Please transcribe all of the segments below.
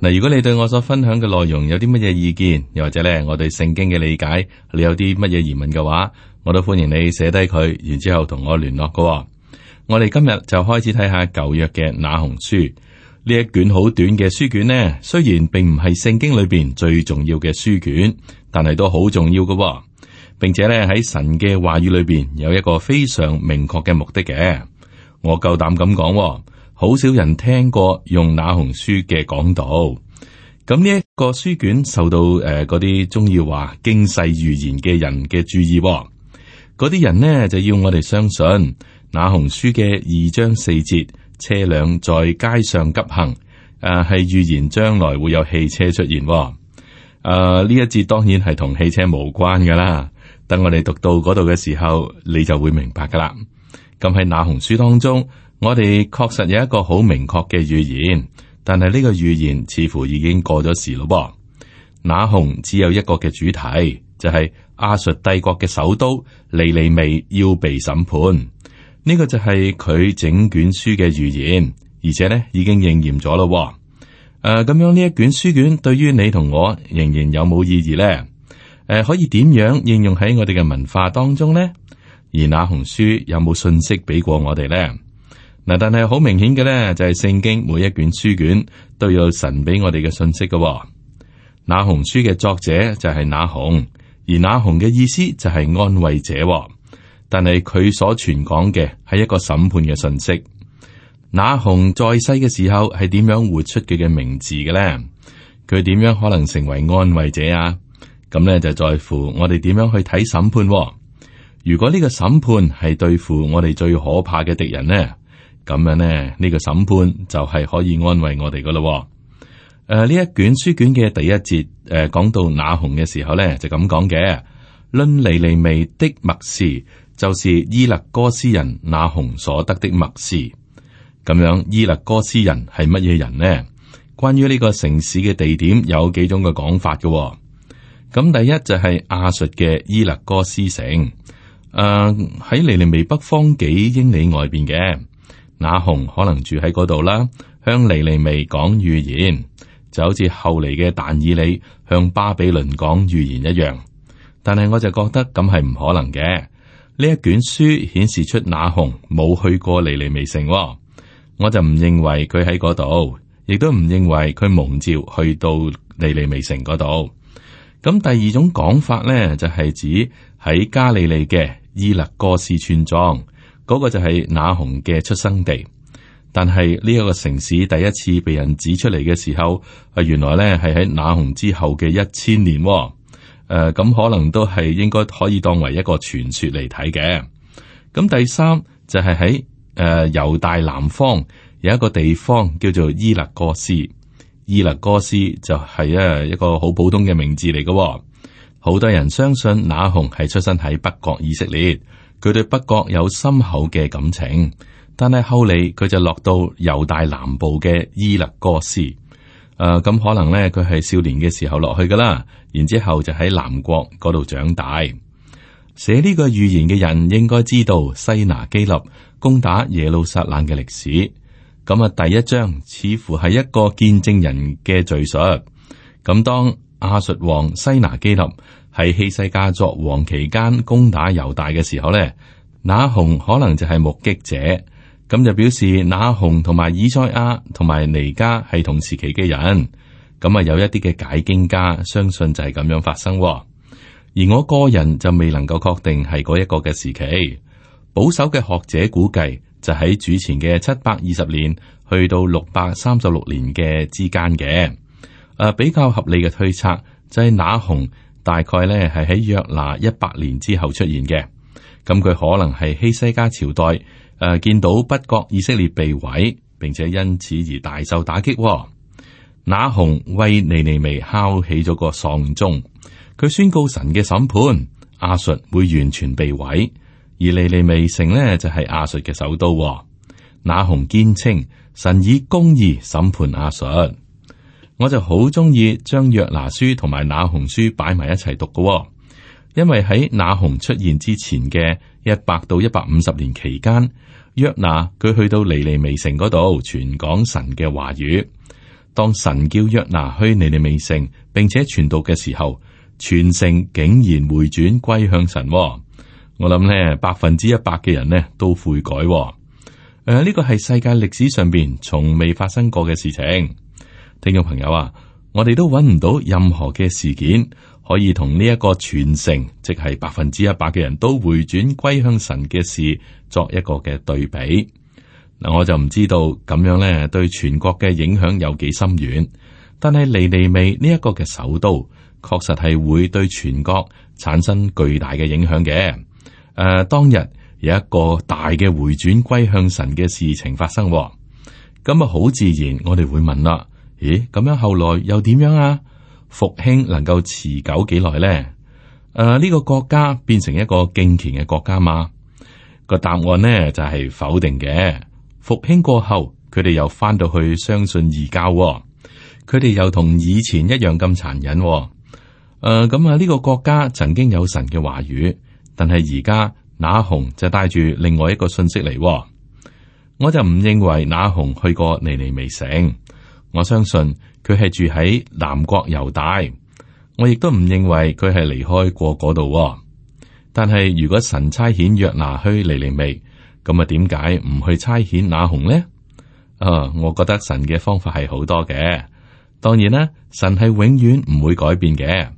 嗱，如果你對我所分享嘅內容有啲乜嘢意見，又或者咧我對聖經嘅理解，你有啲乜嘢疑問嘅話，我都歡迎你寫低佢，然之後同我聯絡㗎喎。我哋今日就開始睇下舊約嘅那鴻書，呢一卷好短嘅書卷呢，雖然並唔係聖經裏邊最重要嘅書卷，但係都好重要㗎喎，並且咧喺神嘅話語裏邊有一個非常明確嘅目的嘅，我夠膽咁講喎。好少人聽過用那鴻書嘅講道，咁呢一個書卷受到誒嗰啲鍾意話經世預言嘅人嘅注意，哦，嗰啲人呢就要我哋相信那鴻書嘅二章四節，車輛在街上急行，誒係預言將來會有汽車出現，哦，誒、呃、呢一節當然係同汽車無關㗎喇。等我哋讀到嗰度嘅時候，你就會明白㗎喇。咁喺那鴻書當中。我哋確實有一個好明確嘅預言，但係呢個預言似乎已經過咗時咯。噃那鴻只有一個嘅主題就係、是、亞述帝國嘅首都尼尼微要被審判。呢、這個就係佢整卷書嘅預言，而且呢已經應驗咗咯。誒、呃，咁樣呢一卷書卷對於你同我仍然有冇意義呢？誒、呃，可以點樣應用喺我哋嘅文化當中呢？而那鴻書有冇信息俾過我哋呢？嗱，但係好明顯嘅咧，就係聖經每一卷書卷都有神俾我哋嘅信息噶、哦。那鴻書嘅作者就係那鴻，而那鴻嘅意思就係安慰者、哦。但係佢所傳講嘅係一個審判嘅信息。那鴻在世嘅時候係點樣活出佢嘅名字嘅咧？佢點樣可能成為安慰者啊？咁咧就在乎我哋點樣去睇審判、哦。如果呢個審判係對付我哋最可怕嘅敵人呢？咁樣呢，呢個審判就係可以安慰我哋噶啦。誒，呢一卷書卷嘅第一節，誒，講到那鴻嘅時候咧，就咁講嘅。論尼尼微的默示，就是伊勒哥斯人那鴻所得的默示。咁樣，伊勒哥斯人係乜嘢人呢？關於呢個城市嘅地點有幾種嘅講法嘅。咁第一就係亞述嘅伊勒哥斯城，誒喺尼尼微北方幾英里外邊嘅。那鴻可能住喺嗰度啦，向尼尼微講預言，就好似後嚟嘅但以理向巴比倫講預言一樣。但係我就覺得咁係唔可能嘅，呢一卷書顯示出那鴻冇去過尼尼微城，哦，我就唔認為佢喺嗰度，亦都唔認為佢蒙召去到尼尼微城嗰度。咁第二種講法咧，就係、是、指喺加利利嘅伊勒哥斯村莊。嗰個就係那鴻嘅出生地，但係呢一個城市第一次被人指出嚟嘅時候，啊原來呢係喺那鴻之後嘅一千年、哦，誒、啊、咁可能都係應該可以當為一個傳說嚟睇嘅。咁、啊、第三就係喺誒猶大南方有一個地方叫做伊勒哥斯，伊勒哥斯就係啊一個好普通嘅名字嚟嘅、哦，好多人相信那鴻係出生喺北國以色列。佢對北國有深厚嘅感情，但係後嚟佢就落到猶大南部嘅伊勒哥斯。誒、呃，咁可能呢，佢係少年嘅時候落去噶啦，然之後就喺南國嗰度長大。寫呢個預言嘅人應該知道西拿基立攻打耶路撒冷嘅歷史。咁啊，第一章似乎係一個見證人嘅敘述。咁當亞述王西拿基立。喺希西家作王期間攻打猶大嘅時候呢，那鴻可能就係目擊者，咁就表示那鴻同埋以賽亞同埋尼加係同時期嘅人，咁啊，有一啲嘅解經家相信就係咁樣發生。而我個人就未能夠確定係嗰一個嘅時期。保守嘅學者估計就喺主前嘅七百二十年去到六百三十六年嘅之間嘅。誒，比較合理嘅推測就係那鴻。大概呢，係喺約拿一百年之後出現嘅，咁佢可能係希西家朝代，誒、呃、見到北國以色列被毀，並且因此而大受打擊。那鴻為尼尼微敲起咗個喪鐘，佢宣告神嘅審判，亞述會完全被毀，而尼尼微城呢，就係亞述嘅首都。那鴻堅稱神以公義審判亞述。我就好中意將約拿書同埋那鴻書擺埋一齊讀嘅，哦，因為喺那鴻出現之前嘅一百到一百五十年期間，約拿佢去到尼尼微城嗰度傳講神嘅話語。當神叫約拿去尼尼微城，並且傳道嘅時候，全城竟然回轉歸向神，哦。我諗呢百分之一百嘅人呢都悔改，哦。誒、呃，呢個係世界歷史上邊從未發生過嘅事情。聽眾朋友啊，我哋都揾唔到任何嘅事件可以同呢一個全城，即係百分之一百嘅人都回轉歸向神嘅事作一個嘅對比。嗱，我就唔知道咁樣咧，對全國嘅影響有幾深遠。但係尼尼微呢一個嘅首都，確實係會對全國產生巨大嘅影響嘅。誒、呃，當日有一個大嘅回轉歸向神嘅事情發生，咁啊，好自然我哋會問啦。咦，咁樣後來又點樣啊？復興能夠持久幾耐呢？誒、呃，呢、這個國家變成一個敬虔嘅國家嘛？個答案呢就係、是、否定嘅。復興過後，佢哋又翻到去相信異教、哦，佢哋又同以前一樣咁殘忍、哦。誒、呃，咁啊，呢個國家曾經有神嘅話語，但係而家那鴻就帶住另外一個信息嚟、哦。我就唔認為那鴻去過尼尼微城。我相信佢係住喺南國猶大，我亦都唔認為佢係離開過嗰度。但係如果神差遣約拿去尼尼微，咁啊，點解唔去差遣那鴻呢？啊，我覺得神嘅方法係好多嘅。當然啦，神係永遠唔會改變嘅，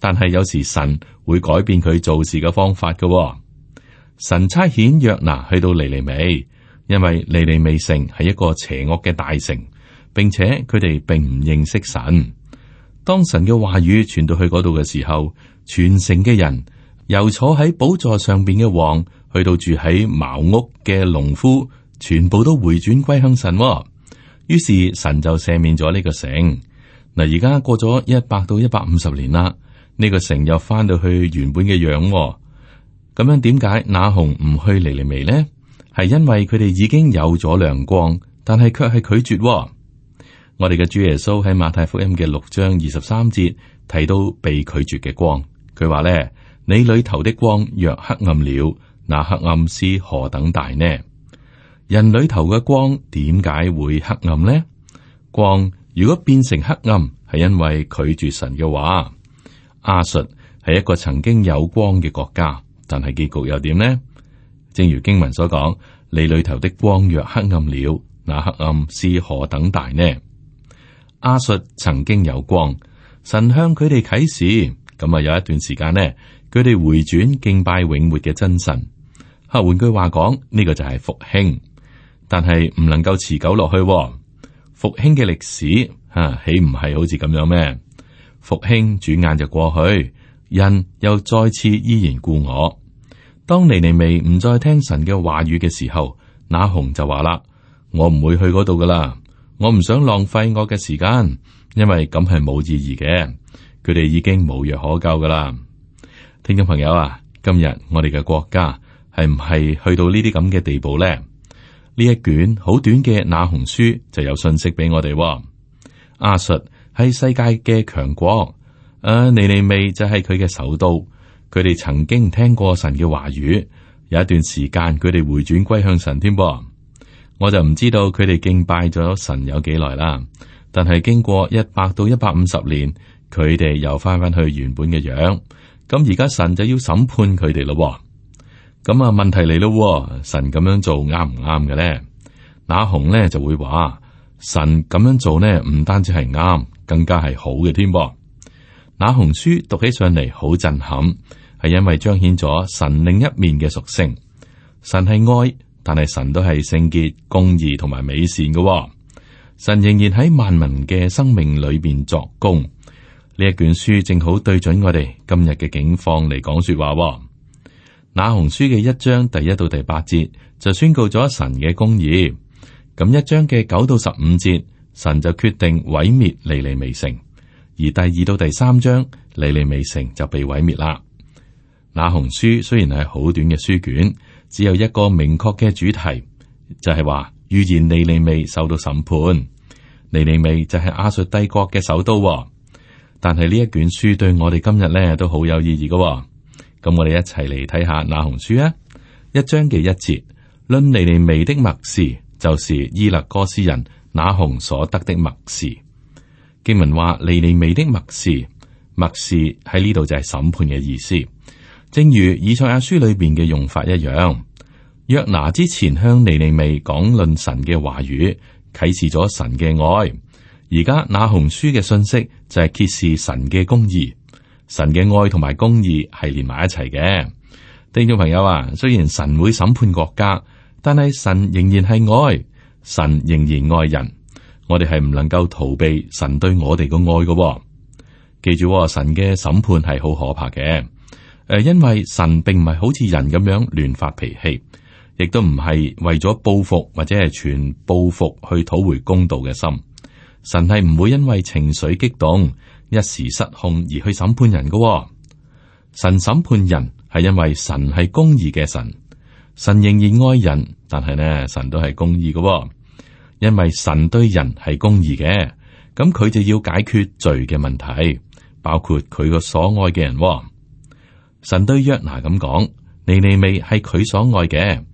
但係有時神會改變佢做事嘅方法嘅。神差遣約拿去到尼尼微，因為尼尼微城係一個邪惡嘅大城。並且佢哋並唔認識神。當神嘅話語傳到去嗰度嘅時候，全城嘅人由坐喺寶座上邊嘅王，去到住喺茅屋嘅農夫，全部都回轉歸向神，哦。於是神就赦免咗呢個城。嗱，而家過咗一百到一百五十年啦，呢個城又翻到去原本嘅樣，哦。咁樣，點解那鴻唔去尼尼微呢？係因為佢哋已經有咗亮光，但係卻係拒絕，哦。我哋嘅主耶穌喺馬太福音嘅六章二十三節提到被拒絕嘅光，佢話咧：你裏頭的光若黑暗了，那黑暗是何等大呢？人裏頭嘅光點解會黑暗呢？光如果變成黑暗，係因為拒絕神嘅話。亞述係一個曾經有光嘅國家，但係結局又點呢？正如經文所講，你裏頭的光若黑暗了，那黑暗是何等大呢？亞述曾經有光，神向佢哋啟示，咁啊有一段時間呢，佢哋回轉敬拜永活嘅真神。吓，換句話講，呢個就係復興，但係唔能夠持久落去。復興嘅歷史吓，豈唔係好似咁樣咩？復興轉眼就過去，人又再次依然故我。當尼尼薇唔再聽神嘅話語嘅時候，那鴻就話啦：「我唔會去嗰度㗎啦。我唔想浪費我嘅時間，因為咁係冇意義嘅。佢哋已經無藥可救噶啦。聽眾朋友啊，今日我哋嘅國家係唔係去到呢啲咁嘅地步咧？呢一卷好短嘅那鴻書就有信息俾我哋，啊。亞述係世界嘅強國，誒、啊，尼尼微就係佢嘅首都。佢哋曾經聽過神嘅話語，有一段時間佢哋回轉歸向神添、啊、噃。我就唔知道佢哋敬拜咗神有幾耐啦，但係經過一百到一百五十年，佢哋又翻翻去原本嘅樣，咁而家神就要審判佢哋咯。咁啊，問題嚟咯，神咁樣做啱唔啱嘅咧？那鴻咧就會話，神咁樣做咧唔單止係啱，更加係好嘅添噃。那鴻書讀起上嚟好震撼，係因為彰顯咗神另一面嘅屬性，神係愛。但係神都係聖潔、公義同埋美善嘅、哦,神仍然喺萬民嘅生命裏邊作工。呢一卷書正好對準我哋今日嘅境況，嚟講說話、哦。那鴻書嘅一章第一到第八節就宣告咗神嘅公義，咁一章嘅九到十五節，神就決定毀滅尼尼微城，而第二到第三章尼尼微城就被毀滅啦。那鴻書雖然係好短嘅書卷，只有一個明確嘅主題，就係話預言尼尼微受到審判。尼尼微就係亞述帝國嘅首都、哦。但係呢一卷書對我哋今日呢都好有意義嘅、哦。咁、嗯、我哋一齊嚟睇下那鴻書啊！一章嘅一節，論尼尼微的默示，就是伊勒哥斯人那鴻所得的默示。經文話尼尼微的默示，默示喺呢度就係審判嘅意思，正如以賽亞書裏邊嘅用法一樣。約拿之前向尼尼微講論神嘅話語，啟示咗神嘅愛。而家那鴻書嘅信息就係揭示神嘅公義，神嘅愛同埋公義係連埋一齊嘅。聽眾朋友啊，雖然神會審判國家，但係神仍然係愛，神仍然愛人。我哋係唔能夠逃避神對我哋嘅愛嘅。記住哦，神嘅審判係好可怕嘅。誒，因為神並唔係好似人咁樣亂發脾氣。亦都唔係為咗報復或者係全報復去討回公道嘅心，神係唔會因為情緒激動一時失控而去審判人噶、哦。神審判人係因為神係公義嘅神，神仍然愛人，但係呢，神都係公義噶、哦，因為神對人係公義嘅，咁佢就要解決罪嘅問題，包括佢個所愛嘅人、哦。神對約拿咁講：，尼尼微係佢所愛嘅。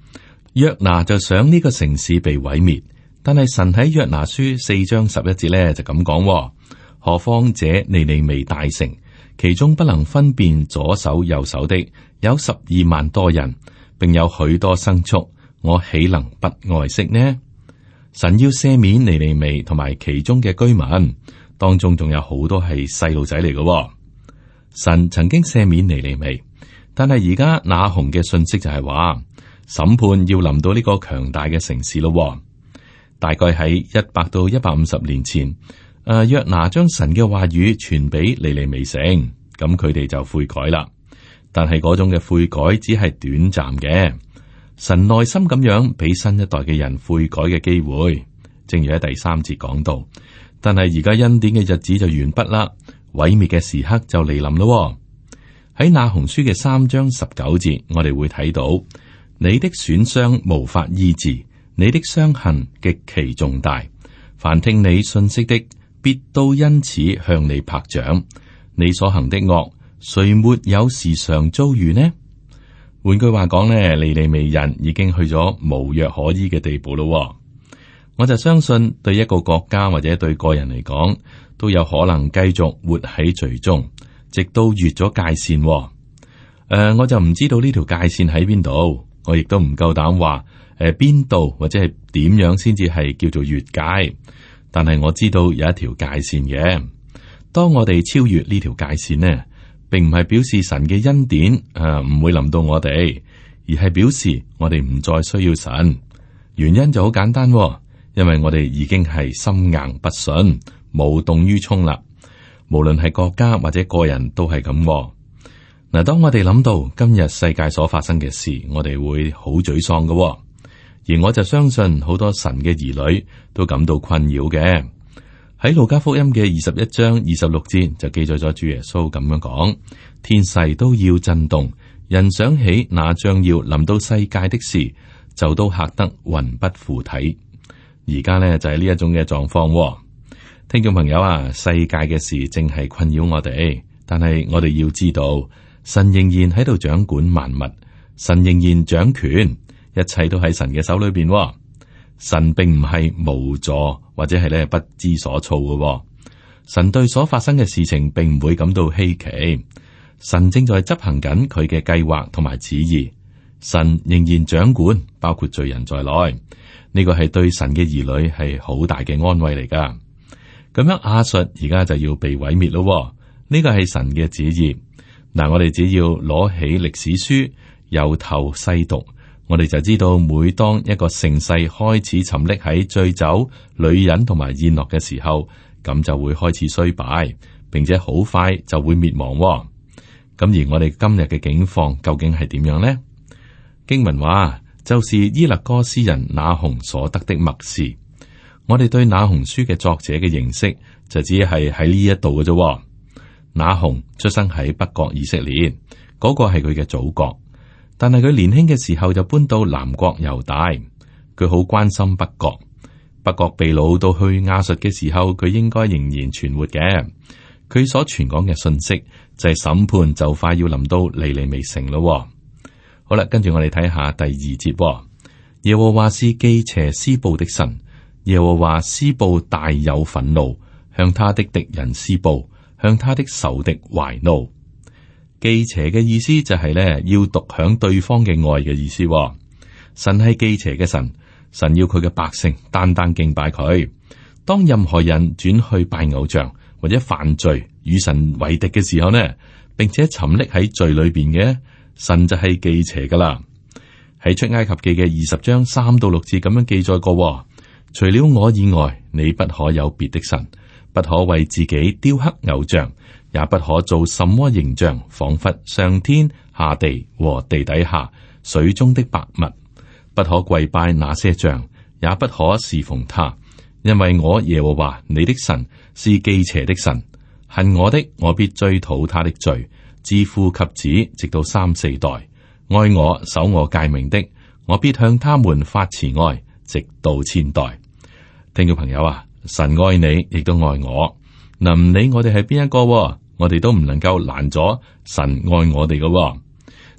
約拿就想呢個城市被毀滅，但係神喺約拿書四章十一節咧就咁講：，何方況者尼尼微大城，其中不能分辨左手右手的有十二萬多人，並有許多牲畜，我豈能不愛惜呢？神要赦免尼尼微同埋其中嘅居民，當中仲有好多係細路仔嚟嘅。神曾經赦免尼尼微，但係而家那鴻嘅信息就係、是、話。審判要臨到呢個強大嘅城市咯，大概喺一百到一百五十年前。誒、啊，約拿將神嘅話語傳俾尼尼微城，咁佢哋就悔改啦。但係嗰種嘅悔改只係短暫嘅。神耐心咁樣俾新一代嘅人悔改嘅機會，正如喺第三節講到。但係而家恩典嘅日子就完畢啦，毀滅嘅時刻就嚟臨咯。喺《那鴻書》嘅三章十九節，我哋會睇到。你的損傷無法醫治，你的傷痕極其重大。凡聽你信息的，必都因此向你拍掌。你所行的惡，誰沒有時常遭遇呢？換句話講呢，尼尼微人已經去咗無藥可醫嘅地步咯。我就相信，對一個國家或者對個人嚟講，都有可能繼續活喺罪中，直到越咗界線。誒、呃，我就唔知道呢條界線喺邊度。我亦都唔夠膽話，誒邊度或者係點樣先至係叫做越界。但係我知道有一條界綫嘅。當我哋超越呢條界綫呢，並唔係表示神嘅恩典啊唔會臨到我哋，而係表示我哋唔再需要神。原因就好簡單啊，因為我哋已經係心硬不順，無動於衷啦。無論係國家或者個人都係咁啊。嗱，當我哋諗到今日世界所發生嘅事，我哋會好沮喪嘅哦，而我就相信好多神嘅兒女都感到困擾嘅。喺路加福音嘅二十一章二十六節就記載咗主耶穌咁樣講：天勢都要震動，人想起那將要臨到世界的事，就都嚇得魂不附體。而家呢，就係、是、呢一種嘅狀況。聽眾朋友啊，世界嘅事正係困擾我哋，但係我哋要知道。神仍然喺度掌管萬物，神仍然掌權，一切都喺神嘅手裏邊。神並唔係無助或者係咧不知所措嘅。神對所發生嘅事情並唔會感到稀奇。神正在執行緊佢嘅計劃同埋旨意。神仍然掌管，包括罪人在內。呢個係對神嘅兒女係好大嘅安慰嚟噶。咁樣亞述而家就要被毀滅咯。呢個係神嘅旨意。嗱，我哋只要攞起歷史書，由頭細讀，我哋就知道每當一個盛世開始沉溺喺醉酒、女人同埋宴樂嘅時候，咁就會開始衰敗，並且好快就會滅亡喎。咁而我哋今日嘅境況究竟係點樣呢？經文話，就是伊勒哥斯人那鴻所得的默示。我哋對那鴻書嘅作者嘅認識，就只係喺呢一度嘅啫。那鴻出生喺北國以色列，嗰個係佢嘅祖國。但係佢年輕嘅時候就搬到南國猶大。佢好關心北國，北國被擄到去亞述嘅時候，佢應該仍然存活嘅。佢所傳講嘅信息就係審判就快要臨到，離離未成咯。好啦，跟住我哋睇下第二節。耶和華是忌邪施暴的神，耶和華施暴大有憤怒，向他的敵人施暴。」向他的仇敵懷怒，忌邪嘅意思就係咧要獨享對方嘅愛嘅意思、哦。神係忌邪嘅神，神要佢嘅百姓單單，單敬拜佢。當任何人轉去拜偶像或者犯罪與神為敵嘅時候呢，並且沉溺喺罪裏邊嘅，神就係忌邪噶啦。喺出埃及記嘅二十章三到六節咁樣記載過、哦，除了我以外，你不可有別的神。不可為自己雕刻偶像，也不可做什麼形象，仿佛上天下地和地底下水中的百物。不可跪拜那些像，也不可侍奉他，因為我耶和華你的神是忌邪的神。恨我的，我必追討他的罪，自父及子，直到三四代；愛我守我誡命的，我必向他們發慈愛，直到千代。聽住朋友啊！神愛你，亦都愛我。嗱，唔理我哋係邊一個，我哋都唔能夠攔阻神愛我哋嘅。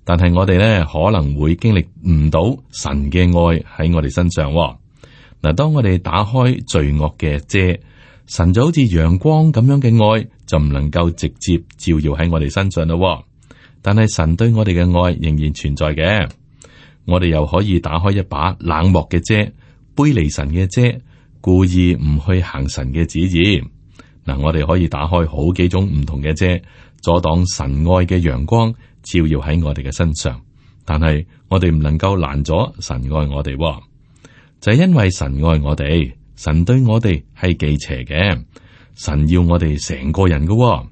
但係我哋咧可能會經歷唔到神嘅愛喺我哋身上。嗱，當我哋打開罪惡嘅遮，神就好似陽光咁樣嘅愛就唔能夠直接照耀喺我哋身上咯。但係神對我哋嘅愛仍然存在嘅。我哋又可以打開一把冷漠嘅遮，背離神嘅遮。故意唔去行神嘅旨意，嗱，我哋可以打開好幾種唔同嘅遮，阻擋神愛嘅陽光照耀喺我哋嘅身上。但係我哋唔能夠攔咗神愛我哋，就係、是、因為神愛我哋，神對我哋係忌邪嘅，神要我哋成個人嘅，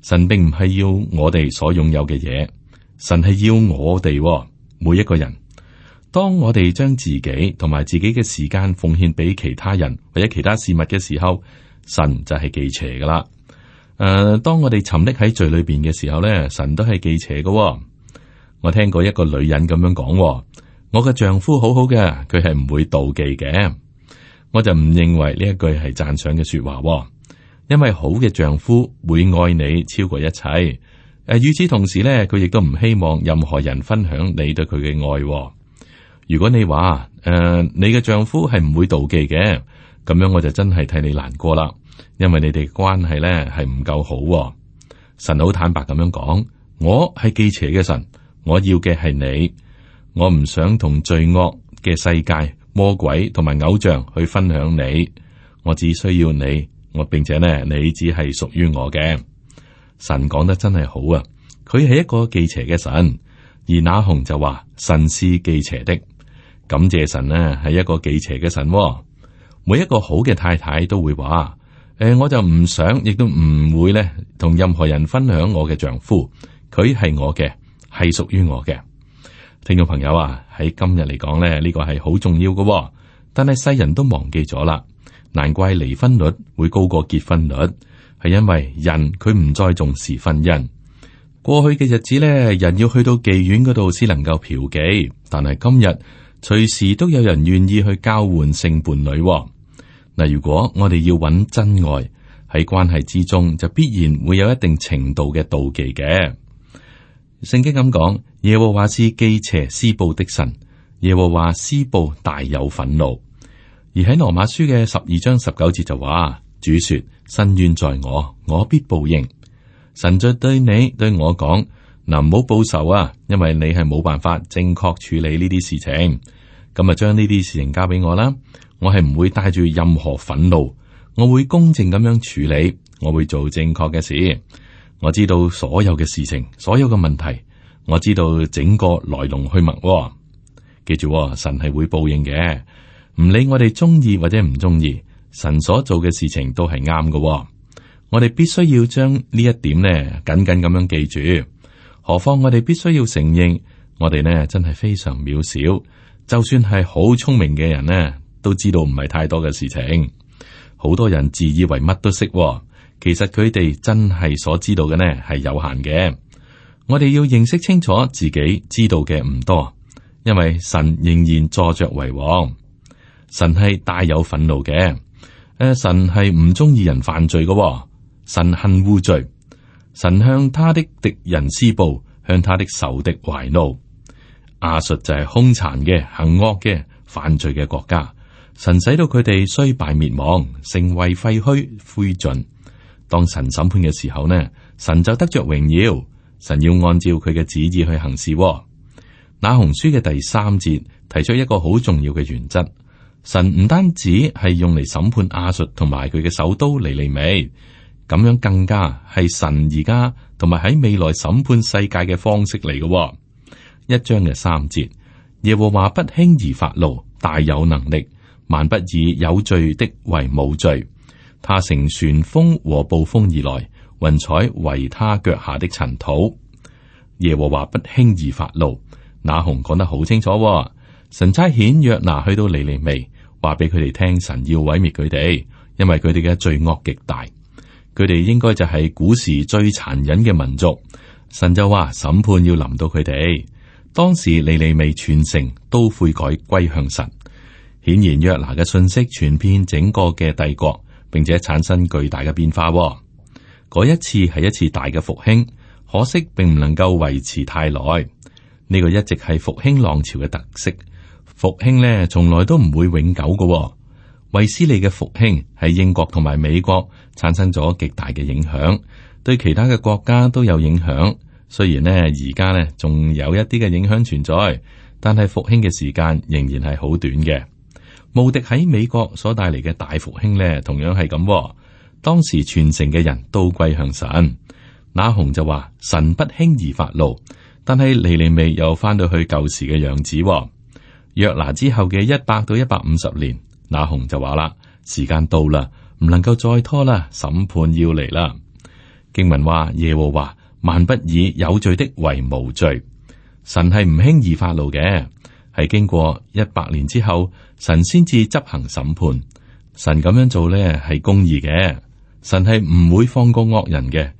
神並唔係要我哋所擁有嘅嘢，神係要我哋每一個人。當我哋將自己同埋自己嘅時間奉獻俾其他人或者其他事物嘅時候，神就係忌邪噶啦。誒、呃，當我哋沉溺喺罪裏邊嘅時候咧，神都係忌邪噶、哦。我聽過一個女人咁樣講、哦，我嘅丈夫好好嘅，佢係唔會妒忌嘅。我就唔認為呢一句係讚賞嘅說話、哦，因為好嘅丈夫會愛你超過一切。誒、呃，與此同時咧，佢亦都唔希望任何人分享你對佢嘅愛、哦。如果你話誒、呃，你嘅丈夫係唔會妒忌嘅，咁樣我就真係替你難過啦，因為你哋關係咧係唔夠好、啊。神好坦白咁樣講，我係忌邪嘅神，我要嘅係你，我唔想同罪惡嘅世界、魔鬼同埋偶像去分享你，我只需要你，我並且呢，你只係屬於我嘅。神講得真係好啊，佢係一個忌邪嘅神，而那鴻就話神是忌邪的。感謝神呢係一個忌邪嘅神、哦。每一個好嘅太太都會話：誒，我就唔想，亦都唔會呢同任何人分享我嘅丈夫。佢係我嘅，係屬於我嘅。聽眾朋友啊，喺今日嚟講咧，呢個係好重要嘅，哦，但係世人都忘記咗啦。難怪離婚率會高過結婚率，係因為人佢唔再重視婚姻。過去嘅日子呢，人要去到妓院嗰度先能夠嫖妓，但係今日。隨時都有人願意去交換性伴侶、哦。嗱，如果我哋要揾真愛喺關係之中，就必然會有一定程度嘅妒忌嘅。聖經咁講，耶和華是忌邪施報的神，耶和華施報大有憤怒。而喺羅馬書嘅十二章十九節就話：主說，伸冤在我，我必報應。神在對你對我講。嗱，唔好報仇啊，因為你係冇辦法正確處理呢啲事情，咁啊，將呢啲事情交俾我啦。我係唔會帶住任何憤怒，我會公正咁樣處理，我會做正確嘅事。我知道所有嘅事情，所有嘅問題，我知道整個來龍去脈，哦。記住，哦，神係會報應嘅，唔理我哋中意或者唔中意，神所做嘅事情都係啱嘅。我哋必須要將呢一點呢緊緊咁樣記住。何況我哋必須要承認，我哋呢真係非常渺小。就算係好聰明嘅人呢，都知道唔係太多嘅事情。好多人自以為乜都識，其實佢哋真係所知道嘅呢係有限嘅。我哋要認識清楚自己知道嘅唔多，因為神仍然坐着為王，神係大有憤怒嘅。誒，神係唔中意人犯罪嘅，神恨污罪。神向他的敵人施暴，向他的仇敵懷怒。亞述就係兇殘嘅、行惡嘅、犯罪嘅國家。神使到佢哋衰敗滅亡，成為廢墟灰、灰燼。當神審判嘅時候呢，神就得着榮耀。神要按照佢嘅旨意去行事。那鴻書嘅第三節提出一個好重要嘅原則：神唔單止係用嚟審判亞述同埋佢嘅首都尼尼微。咁樣更加係神而家同埋喺未來審判世界嘅方式嚟嘅、哦。一章嘅三節，耶和華不輕而發怒，大有能力，萬不以有罪的為冇罪。他乘旋風和暴風而來，雲彩為他腳下的塵土。耶和華不輕而發怒，那鴻講得好清楚、哦。神差遣約拿去到尼尼微，話俾佢哋聽，神要毀滅佢哋，因為佢哋嘅罪惡極大。佢哋應該就係古時最殘忍嘅民族，神就話審判要臨到佢哋。當時尼尼微全城都悔改歸向神，顯然約拿嘅信息傳遍整個嘅帝國並且產生巨大嘅變化。嗰一次係一次大嘅復興，可惜並唔能夠維持太耐。呢、這個一直係復興浪潮嘅特色，復興呢，從來都唔會永久嘅。衛斯理嘅復興喺英國同埋美國產生咗極大嘅影響，對其他嘅國家都有影響。雖然呢而家呢仲有一啲嘅影響存在，但係復興嘅時間仍然係好短嘅。慕迪喺美國所帶嚟嘅大復興呢同樣係咁。當時全城嘅人都歸向神。那鴻就話神不輕而發怒，但係嚟嚟未又翻到去舊時嘅樣子。約拿之後嘅一百到一百五十年。那鴻就話啦，時間到啦，唔能夠再拖啦，審判要嚟啦。經文話：耶和華萬不以有罪的為無罪，神係唔輕易發怒嘅，係經過一百年之後，神先至執行審判。神咁樣做咧係公義嘅，神係唔會放過惡人嘅，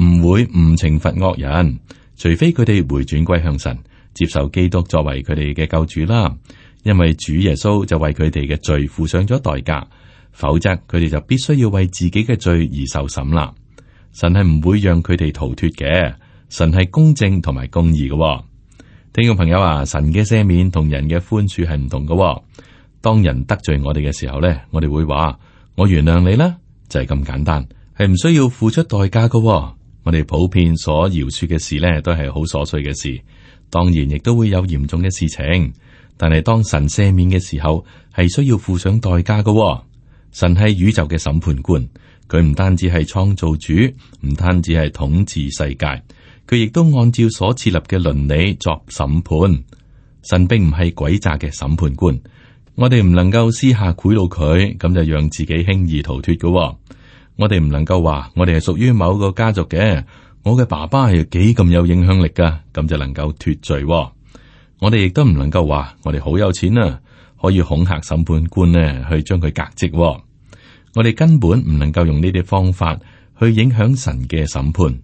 唔會唔懲罰惡人，除非佢哋回轉歸向神，接受基督作為佢哋嘅救主啦。因為主耶穌就為佢哋嘅罪付上咗代價，否則佢哋就必須要為自己嘅罪而受審啦。神係唔會讓佢哋逃脫嘅，神係公正同埋公義嘅、哦。聽眾朋友啊，神嘅赦免同人嘅寬恕係唔同嘅、哦。當人得罪我哋嘅時候呢，我哋會話我原諒你啦，就係、是、咁簡單，係唔需要付出代價嘅、哦。我哋普遍所饒恕嘅事呢，都係好瑣碎嘅事，當然亦都會有嚴重嘅事情。但係當神赦免嘅時候，係需要付上代價噶。哦。神係宇宙嘅審判官，佢唔單止係創造主，唔單止係統治世界，佢亦都按照所設立嘅倫理作審判。神並唔係鬼詐嘅審判官，我哋唔能夠私下賄賂佢，咁就讓自己輕易逃脫噶。哦。我哋唔能夠話我哋係屬於某個家族嘅，我嘅爸爸係幾咁有影響力噶，咁就能夠脫罪。哦。我哋亦都唔能夠話我哋好有錢啊，可以恐嚇審判官呢去將佢革職。我哋根本唔能夠用呢啲方法去影響神嘅審判。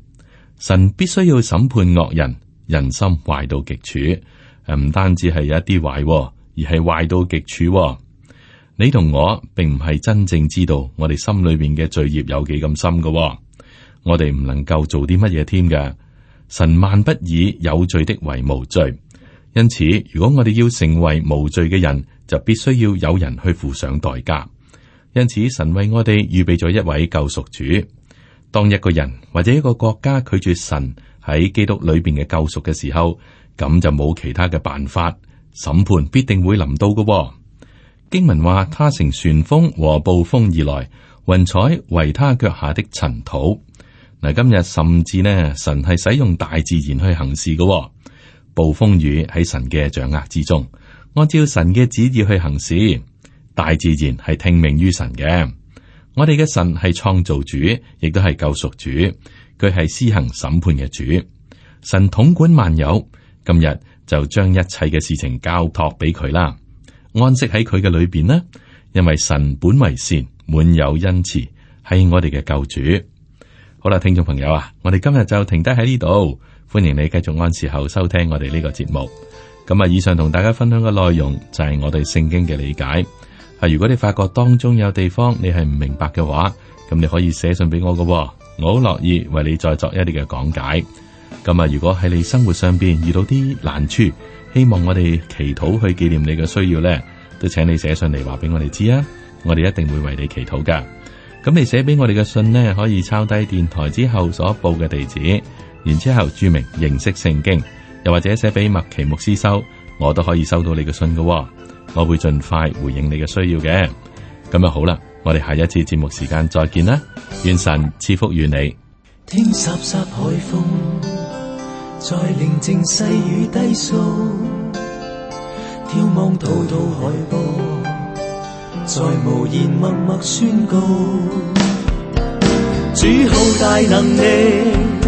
神必須要審判惡人，人心壞到極處，誒，唔單止係有一啲壞，而係壞到極處。你同我並唔係真正知道我哋心裏邊嘅罪孽有幾咁深嘅。我哋唔能夠做啲乜嘢添？噶神萬不以有罪的為無罪。因此，如果我哋要成為無罪嘅人，就必須要有人去負上代價。因此，神為我哋預備咗一位救贖主。當一個人或者一個國家拒絕神喺基督裏邊嘅救贖嘅時候，咁就冇其他嘅辦法，審判必定會臨到嘅、哦。經文話：他乘旋風和暴風而來，雲彩為他腳下的塵土。嗱，今日甚至呢，神係使用大自然去行事嘅、哦。暴風雨喺神嘅掌握之中，按照神嘅旨意去行事。大自然係聽命於神嘅，我哋嘅神係創造主，亦都係救贖主。佢係施行審判嘅主，神統管萬有。今日就將一切嘅事情交託俾佢啦，安息喺佢嘅裏邊呢，因為神本為善，滿有恩慈，係我哋嘅救主。好啦，聽眾朋友啊，我哋今日就停低喺呢度。歡迎你繼續按時候收聽我哋呢個節目。咁啊，以上同大家分享嘅內容就係我哋聖經嘅理解。係，如果你發覺當中有地方你係唔明白嘅話，咁你可以寫信俾我嘅，我好樂意為你再作一啲嘅講解。咁啊，如果喺你生活上邊遇到啲難處，希望我哋祈禱去紀念你嘅需要呢，都請你寫信嚟，話俾我哋知啊，我哋一定會為你祈禱嘅。咁你寫俾我哋嘅信呢，可以抄低電台之後所報嘅地址。然之後註明認識聖經，又或者寫俾麥奇牧師收，我都可以收到你嘅信嘅。哦，我會盡快回應你嘅需要嘅。咁啊好啦，我哋下一次節目時間再見啦，願神賜福與你。聽沙沙海風在寧靜細雨低訴，眺望滔滔海波在無言默默宣告，主好大能力。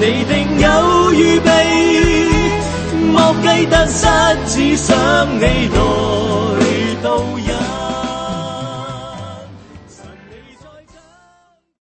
你定有預備，莫計得失，只想你來到。